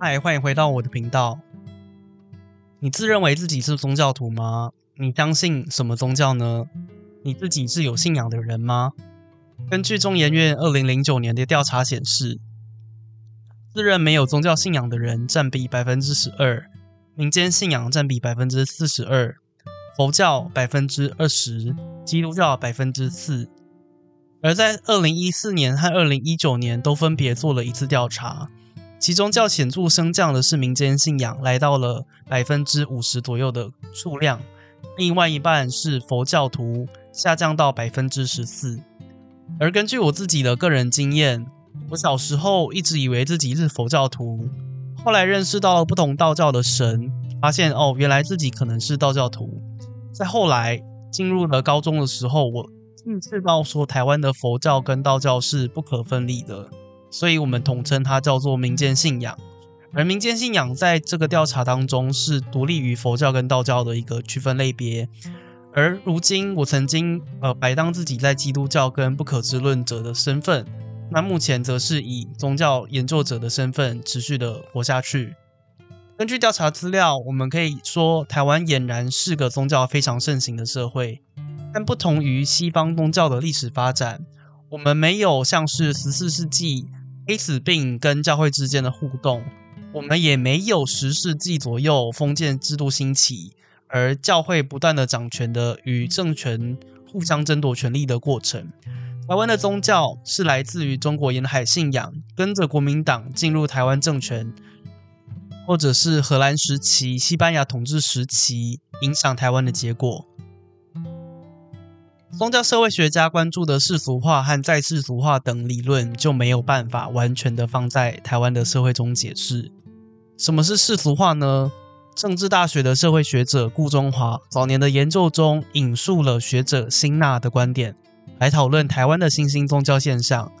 嗨，Hi, 歡迎回到我的頻道。你自認為自己是宗教徒嗎？你相信什麼宗教呢？你自己是有信仰的人嗎？根據中研院二零零九年的調查顯示，自認沒有宗教信仰的人佔比百分之十二，民間信仰佔比百分之四十二，佛教百分之二十，基督教百分之四。而在二零一四年和二零一九年都分別做了一次調查。其中較顯著升降的是民間信仰，來到了百分之五十左右的數量，另外一半是佛教徒下降到百分之十四。而根據我自己的個人經驗，我小時候一直以為自己是佛教徒，後來認識到不同道教的神，發現哦，原來自己可能是道教徒。在後來進入了高中的時候，我甚至冒說台灣的佛教跟道教是不可分離的。所以，我們統稱它叫做民間信仰。而民間信仰在這個調查當中是獨立於佛教跟道教的一個區分類別。而如今，我曾經呃擺盪自己在基督教跟不可知論者的身份，那目前則是以宗教研究者的身份持續的活下去。根據調查資料，我們可以說，台灣儼然是個宗教非常盛行的社會。但不同於西方宗教的歷史發展，我們沒有像是十四世紀。黑死病跟教會之間的互動，我們也沒有十世紀左右封建制度興起，而教會不斷的掌權的與政權互相爭奪權力的過程。台灣的宗教是來自於中國沿海信仰，跟着國民黨進入台灣政權，或者是荷蘭時期、西班牙統治時期影響台灣的結果。宗教社會學家關注的世俗化和再世俗化等理論就沒有辦法完全的放在台灣的社會中解釋。什麼是世俗化呢？政治大學的社會學者顧忠華早年的研究中引述了學者辛納的觀點，來討論台灣的新興宗教現象。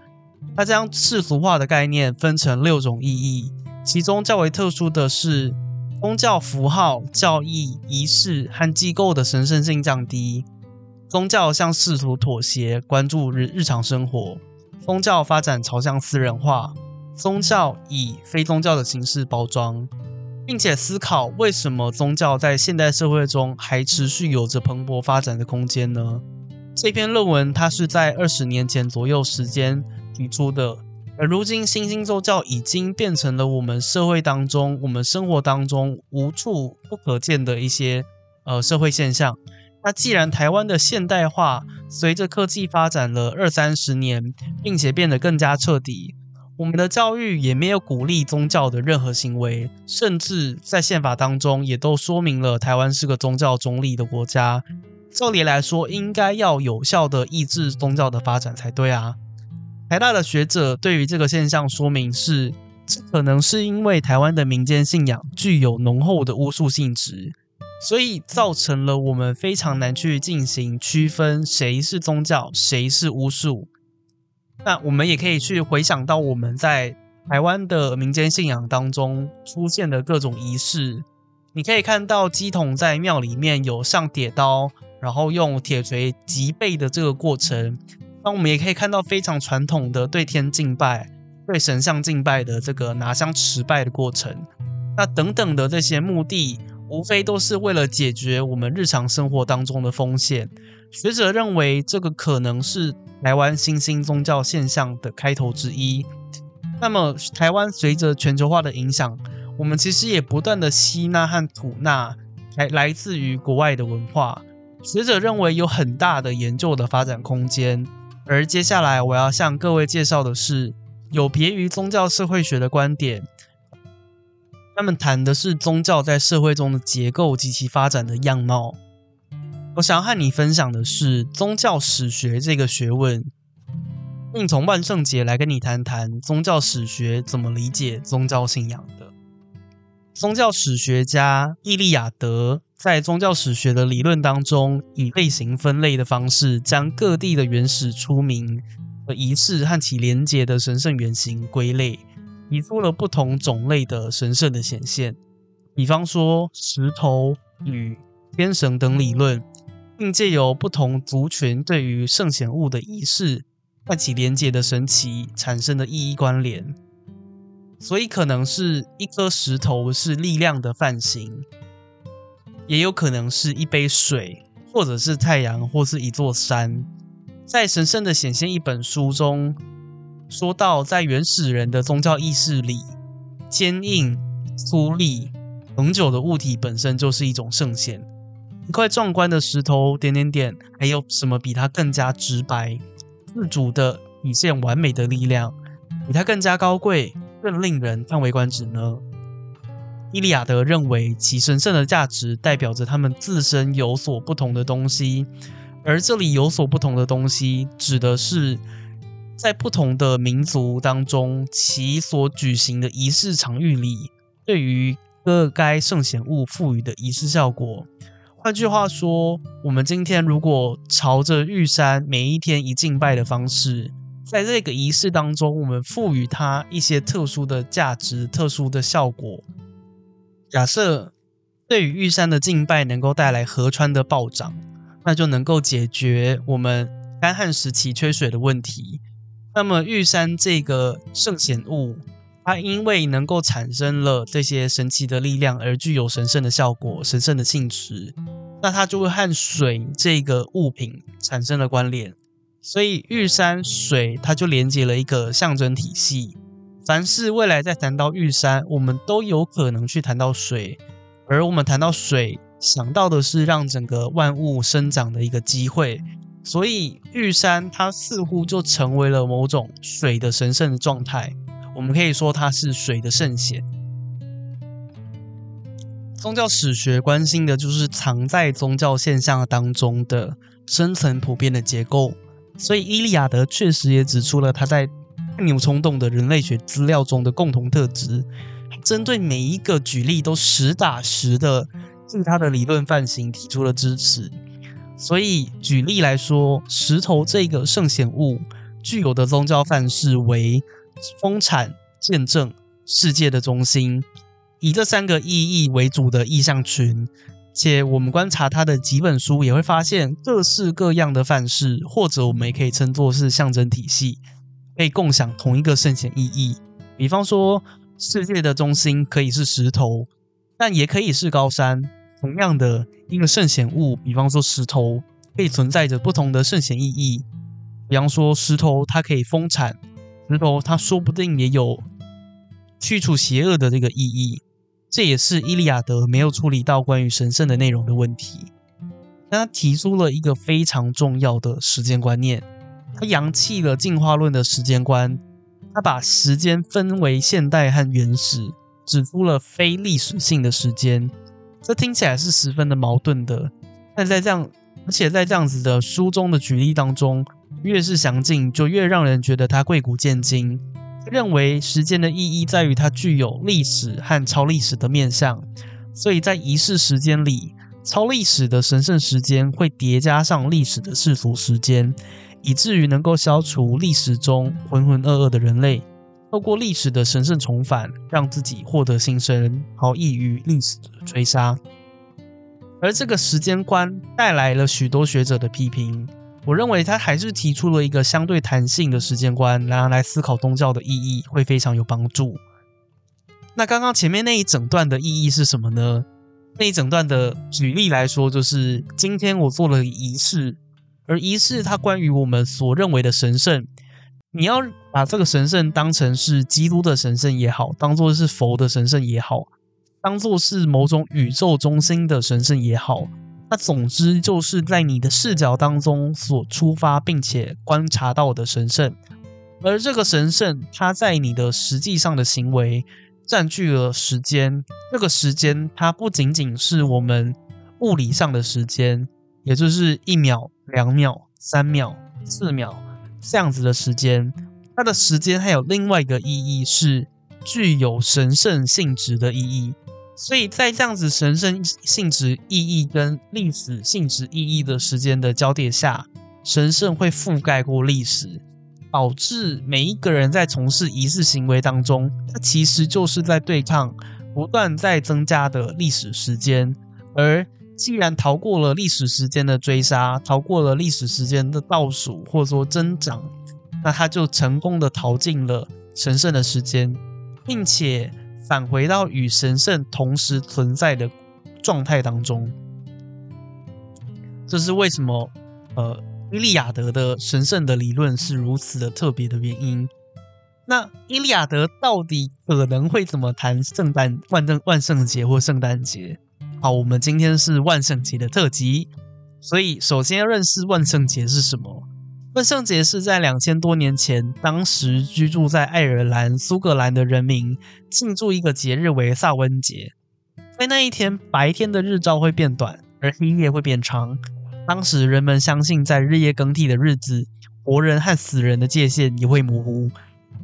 他將世俗化的概念分成六種意義，其中較為特殊的是宗教符號、教義、儀式和機構的神聖性降低。宗教向世俗妥協，關注日日常生活；宗教發展朝向私人化；宗教以非宗教的形式包裝，並且思考為什麼宗教在現代社會中還持續有着蓬勃發展的空間呢？這篇論文它是在二十年前左右時間提出的，而如今新興宗教已經變成了我們社會當中、我們生活當中無處不可見的一些呃社會現象。那既然台灣的現代化隨着科技發展了二三十年，並且變得更加徹底，我們的教育也沒有鼓勵宗教的任何行為，甚至在憲法當中也都說明了台灣是個宗教中立的國家。照理來說，應該要有效的抑制宗教的發展才對啊。台大的學者對於這個現象說明是，這可能是因為台灣的民間信仰具有濃厚的巫術性質。所以造成了我們非常難去進行區分誰是宗教，誰是巫術。那我們也可以去回想到我們在台灣的民間信仰當中出現的各種儀式。你可以看到乩童在廟裡面有上鐵刀，然後用鐵錘擊背的這個過程。那我們也可以看到非常傳統的對天敬拜、對神像敬拜的這個拿香持拜的過程，那等等的這些目的。無非都是為了解決我們日常生活當中的風險。學者認為，這個可能是台灣新興宗教現象的開頭之一。那麼，台灣隨着全球化的影響，我們其實也不斷的吸納和吐納來來自於國外的文化。學者認為有很大的研究的發展空間。而接下來我要向各位介紹的是，有別於宗教社會學的觀點。他們談的是宗教在社會中的結構及其發展的樣貌。我想要和你分享的是宗教史學這個學問，並從萬聖節來跟你談談宗教史學怎麼理解宗教信仰的。宗教史學家伊利亞德在宗教史學的理論當中，以類型分類的方式，將各地的原始出名和儀式和其連結的神聖原型歸類。提出了不同種類的神聖的顯現，比方說石頭與天神等理論，並藉由不同族群對於聖顯物的儀式喚起連結的神奇產生的意義關聯。所以，可能是一顆石頭是力量的範型，也有可能是一杯水，或者是太陽，或是一座山。在《神聖的顯現》一本書中。說到在原始人的宗教意識裡，堅硬、粗礪、恆久的物體本身就是一種聖顯。一塊壯觀的石頭，點點點，還有什麼比它更加直白、自主的體現完美的力量，比它更加高貴、更令人嘆為觀止呢？伊利亞德認為其神聖的價值代表着他們自身有所不同的東西，而這裡有所不同的東西指的是。在不同的民族當中，其所舉行的儀式場域裡，對於各該聖賢物賦予的儀式效果。換句話說，我們今天如果朝着玉山每一天一敬拜的方式，在這個儀式當中，我們賦予它一些特殊的價值、特殊的效果。假設對於玉山的敬拜能夠帶來河川的暴漲，那就能夠解決我們乾旱時期缺水的問題。那麼玉山這個聖顯物，它因為能夠產生了這些神奇的力量而具有神聖的效果、神聖的性質，那它就會和水這個物品產生了關聯，所以玉山水它就連接了一個象徵體系。凡是未來再談到玉山，我們都有可能去談到水，而我們談到水，想到的是讓整個萬物生長的一個機會。所以玉山它似乎就成為了某種水的神聖的狀態，我們可以說它是水的聖顯。宗教史學關心的就是藏在宗教現象當中的深層普遍的結構。所以伊利亞德確實也指出了他在汗牛充棟的人類學資料中的共同特質，針對每一個舉例都實打實的對他的理論範型提出了支持。所以，舉例來說，石頭這個聖顯物具有的宗教範式為豐產、見證、世界的中心，以這三個意義為主的意象群。且我們觀察它的幾本書，也會發現各式各樣的範式，或者我們也可以稱作是象徵體系，可以共享同一個聖顯意義。比方說，世界的中心可以是石頭，但也可以是高山。同樣的一個聖顯物，比方說石頭，可以存在着不同的聖顯意義。比方說石頭，它可以豐產；石頭，它說不定也有去除邪惡的這個意義。這也是伊利亞德沒有處理到關於神聖的內容的問題。但他提出了一個非常重要的時間觀念，他揚棄了進化論的時間觀，他把時間分為現代和原始，指出了非歷史性的時間。這聽起來是十分的矛盾的，但在這樣，而且在這樣子的書中的舉例當中，越是詳盡，就越讓人覺得它貴古賤今，認為時間的意義在於它具有歷史和超歷史的面向，所以在儀式時間裡，超歷史的神聖時間會疊加上歷史的世俗時間，以至於能夠消除歷史中渾渾噩噩的人類。透過歷史的神聖重返，讓自己獲得新生，好，逸於歷史的追殺。而這個時間觀帶來了許多學者的批評。我認為他還是提出了一個相對彈性的時間觀，然而來思考宗教的意義會非常有幫助。那剛剛前面那一整段的意義是什麼呢？那一整段的舉例來說，就是今天我做了儀式，而儀式它關於我們所認為的神聖，你要。把這個神聖當成是基督的神聖也好，當做是佛的神聖也好，當做是某種宇宙中心的神聖也好，那總之就是在你的視角當中所出發並且觀察到的神聖，而這個神聖，它在你的實際上的行為佔據了時間。這個時間，它不僅僅是我們物理上的時間，也就是一秒、兩秒、三秒、四秒這樣子的時間。它的時間還有另外一個意義是具有神聖性質的意義，所以在這樣子神聖性質意義跟歷史性質意義的時間的交疊下，神聖會覆蓋過歷史，導致每一個人在從事儀式行為當中，他其實就是在對抗不斷在增加的歷史時間，而既然逃過了歷史時間的追殺，逃過了歷史時間的倒數或者說增長。那他就成功的逃進了神聖的時間，並且返回到與神聖同時存在的狀態當中。這是為什麼，呃，伊利亞德的神聖的理論是如此的特別的原因。那伊利亞德到底可能會怎麼談聖誕、萬聖、萬聖節或聖誕節？好，我們今天是萬聖節的特輯，所以首先要認識萬聖節是什麼。萬聖節是在兩千多年前，當時居住在愛爾蘭、蘇格蘭的人民慶祝一個節日，為薩溫節。在那一天，白天的日照會變短，而黑夜會變長。當時人們相信，在日夜更替的日子，活人和死人的界限也會模糊，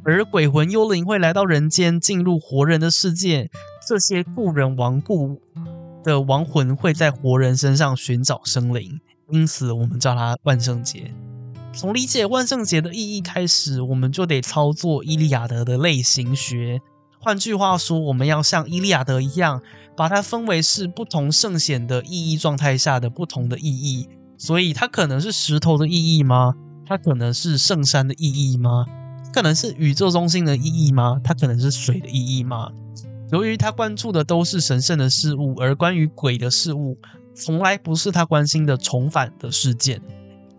而鬼魂、幽靈會來到人間，進入活人的世界。這些故人亡故的亡魂會在活人身上尋找生靈，因此我們叫它萬聖節。從理解萬聖節的意義開始，我們就得操作伊利亞德的類型學。換句話說，我們要像伊利亞德一樣，把它分為是不同聖顯的意義狀態下的不同的意義。所以，它可能是石頭的意義嗎？它可能是聖山的意義嗎？可能是宇宙中心的意義嗎？它可能是水的意義嗎？由於他關注的都是神聖的事物，而關於鬼的事物，從來不是他關心的重返的事件。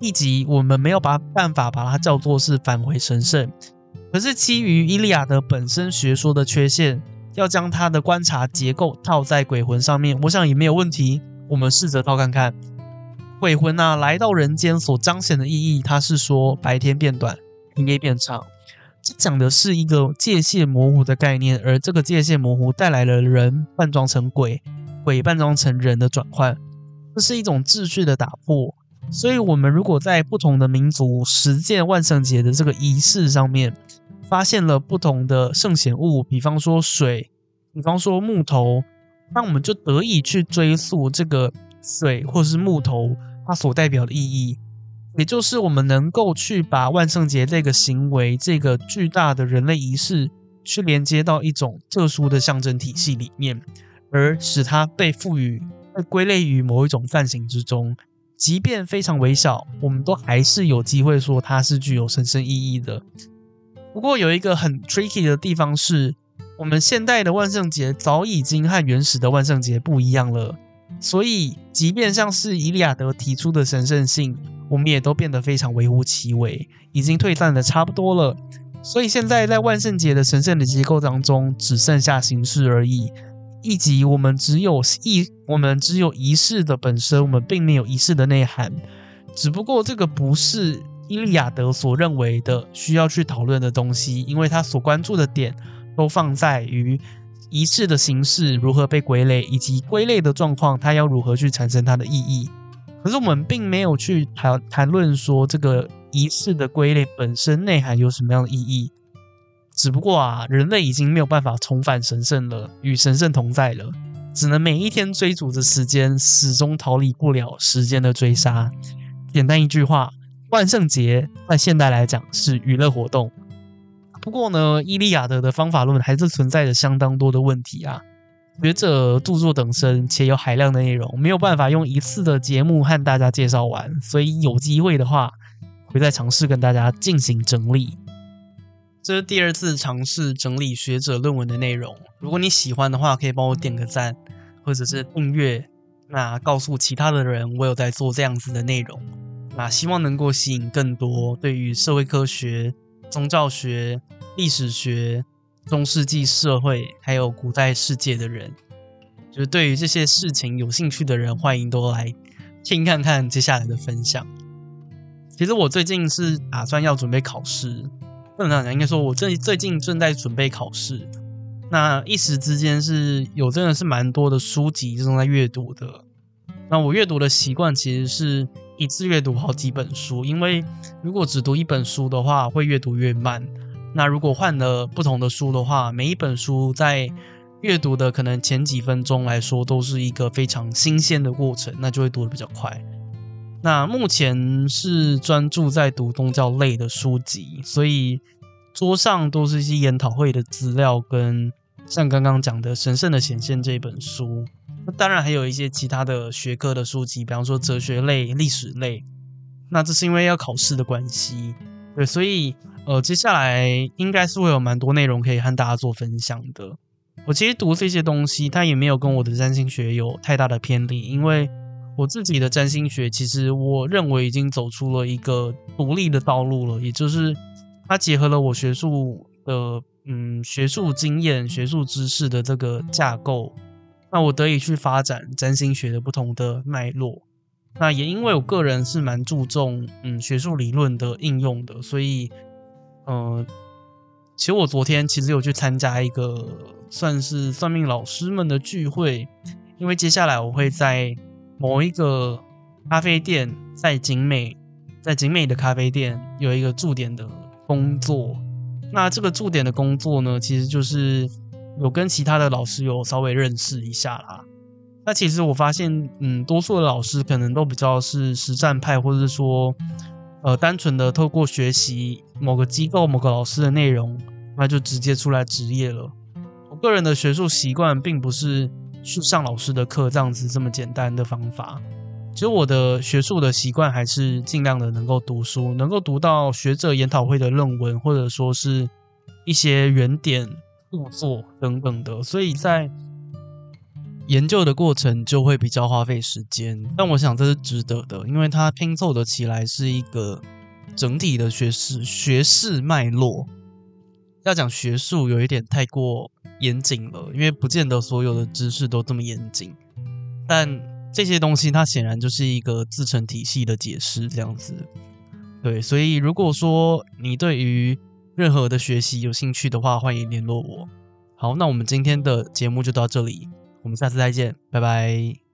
以及我們沒有把辦法把它叫做是返回神聖，可是基於伊利亞德本身學說的缺陷，要將他的觀察結構套在鬼魂上面，我想也沒有問題。我們試着套看看，鬼魂啊來到人間所彰顯的意義，它是說白天變短，黑夜變長。這講的是一個界限模糊的概念，而這個界限模糊帶來了人扮裝成鬼，鬼扮裝成人的轉換，這是一種秩序的打破。所以，我們如果在不同的民族實踐萬聖節的這個儀式上面，發現了不同的聖顯物，比方說水，比方說木頭，那我們就得以去追溯這個水或是木頭它所代表的意義，也就是我們能夠去把萬聖節這個行為這個巨大的人類儀式，去連接到一種特殊的象徵體系裡面，而使它被賦予、被歸類於某一種範型之中。即便非常微小，我們都還是有機會說它是具有神聖意義的。不過有一個很 tricky 的地方是，我們現代的萬聖節早已經和原始的萬聖節不一樣了。所以，即便像是伊利亞德提出的神聖性，我們也都變得非常微乎其微，已經退散得差不多了。所以，現在在萬聖節的神聖的結構當中，只剩下形式而已。以及我們只有儀，我們只有儀式的本身，我們並沒有儀式的內涵。只不過這個不是伊利亞德所認為的需要去討論的東西，因為他所關注的點都放在於儀式的形式如何被歸類，以及歸類的狀況，它要如何去產生它的意義。可是我們並沒有去談談論說這個儀式的歸類本身內涵有什麼樣的意義。只不過啊，人類已經沒有辦法重返神聖了，與神聖同在了，只能每一天追逐着時間，始終逃離不了時間的追殺。簡單一句話，萬聖節在現代來講是娛樂活動。不過呢，伊利亞德的方法論還是存在着相當多的問題啊。學者著作等身，且有海量的內容，沒有辦法用一次的節目和大家介紹完，所以有機會的話，會再嘗試跟大家進行整理。這是第二次嘗試整理學者論文的內容。如果你喜歡的話，可以幫我點個讚，或者是訂閱。那告訴其他的人，我有在做這樣子的內容。那希望能夠吸引更多對於社會科學、宗教學、歷史學、中世紀社會，還有古代世界的人，就是對於這些事情有興趣的人，歡迎都來聽看看接下來的分享。其實我最近是打算要準備考試。不能那樣講，應該說，我這最近正在準備考試，那一時之間是有真的是蠻多的書籍正在閱讀的。那我閱讀的習慣其實是一次閱讀好幾本書，因為如果只讀一本書的話，會越讀越慢。那如果換了不同的書的話，每一本書在閱讀的可能前幾分鐘來說，都是一個非常新鮮的過程，那就會讀的比較快。那目前是專注在讀宗教類的書籍，所以桌上都是一些研討會的資料，跟像剛剛講的《神聖的顯現》這本書。那當然還有一些其他的學科的書籍，比方說哲學類、歷史類。那這是因為要考試的關係，對，所以呃，接下來應該是會有蠻多內容可以和大家做分享的。我其實讀這些東西，它也沒有跟我的占星學有太大的偏離，因為。我自己的占星學，其實我認為已經走出了一個獨立的道路了，也就是它結合了我學術的嗯學術經驗、學術知識的這個架構，那我得以去發展占星學的不同的脈絡。那也因為我個人是蠻注重嗯學術理論的應用的，所以嗯，呃，其實我昨天其實有去參加一個算是算命老師們的聚會，因為接下來我會在。某一個咖啡店，在景美，在景美的咖啡店有一個駐點的工作。那這個駐點的工作呢，其實就是有跟其他的老師有稍微認識一下啦。那其實我發現，嗯，多數的老師可能都比較是實戰派，或者是說，呃，單純的透過學習某個機構、某個老師的內容，那就直接出來職業了。我個人的學術習慣並不是。去上老師的課，這樣子這麼簡單的方法。其實我的學術的習慣還是盡量的能夠讀書，能夠讀到學者研討會的論文或者說是一些原點著作，作等等的，所以在研究的過程就會比較花費時間，但我想這是值得的，因為它拼湊得起來是一個整體的學士學士脈絡。要講學術，有一點太過嚴謹了，因為不見得所有的知識都這麼嚴謹。但這些東西，它顯然就是一個自成體系的解釋，這樣子。對，所以如果說你對於任何的學習有興趣的話，歡迎聯絡我。好，那我們今天的節目就到這裡，我們下次再見，拜拜。